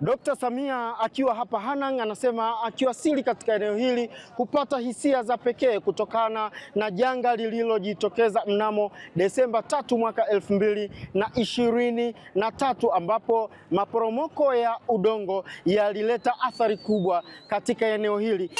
Dr. Samia akiwa hapa Hanang' anasema akiwasili katika eneo hili hupata hisia za pekee kutokana na janga lililojitokeza mnamo Desemba tatu mwaka elfu mbili na ishirini na tatu ambapo maporomoko ya udongo yalileta athari kubwa katika eneo hili.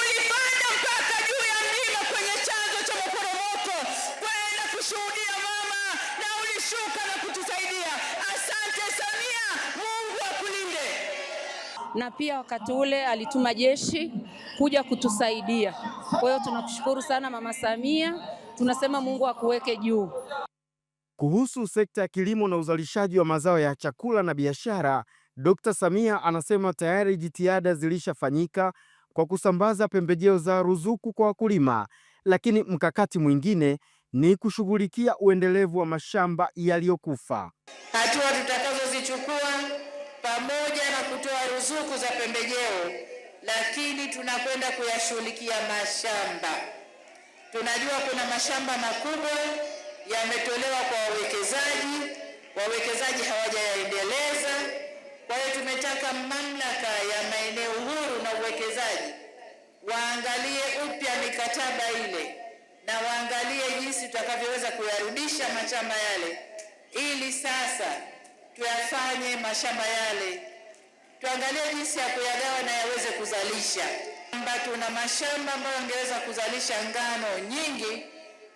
na pia wakati ule alituma jeshi kuja kutusaidia. Kwa hiyo tunakushukuru sana Mama Samia, tunasema Mungu akuweke juu. Kuhusu sekta ya kilimo na uzalishaji wa mazao ya chakula na biashara, Dkt. Samia anasema tayari jitihada zilishafanyika kwa kusambaza pembejeo za ruzuku kwa wakulima, lakini mkakati mwingine ni kushughulikia uendelevu wa mashamba yaliyokufa. Hatua tutakazozichukua pamoja na kutoa ruzuku za pembejeo, lakini tunakwenda kuyashughulikia mashamba. Tunajua kuna mashamba makubwa yametolewa kwa wawekezaji, wawekezaji hawajayaendeleza. Kwa hiyo tumetaka mamlaka ya maeneo huru na uwekezaji waangalie upya mikataba ile na waangalie jinsi tutakavyoweza kuyarudisha mashamba yale ili sasa tuyafanye mashamba yale, tuangalie jinsi ya kuyagawa na yaweze kuzalisha. Kwamba tuna mashamba ambayo angeweza kuzalisha ngano nyingi,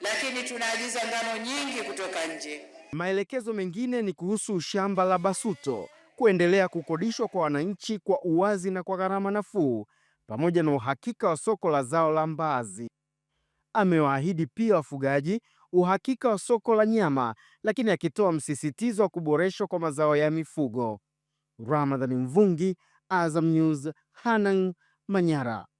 lakini tunaagiza ngano nyingi kutoka nje. Maelekezo mengine ni kuhusu shamba la Basuto kuendelea kukodishwa kwa wananchi kwa uwazi na kwa gharama nafuu pamoja na uhakika wa soko la zao la mbaazi. Amewaahidi pia wafugaji uhakika wa soko la nyama, lakini akitoa msisitizo wa kuboreshwa kwa mazao ya mifugo. Ramadhani Mvungi, Azam News, Hanang, Manyara.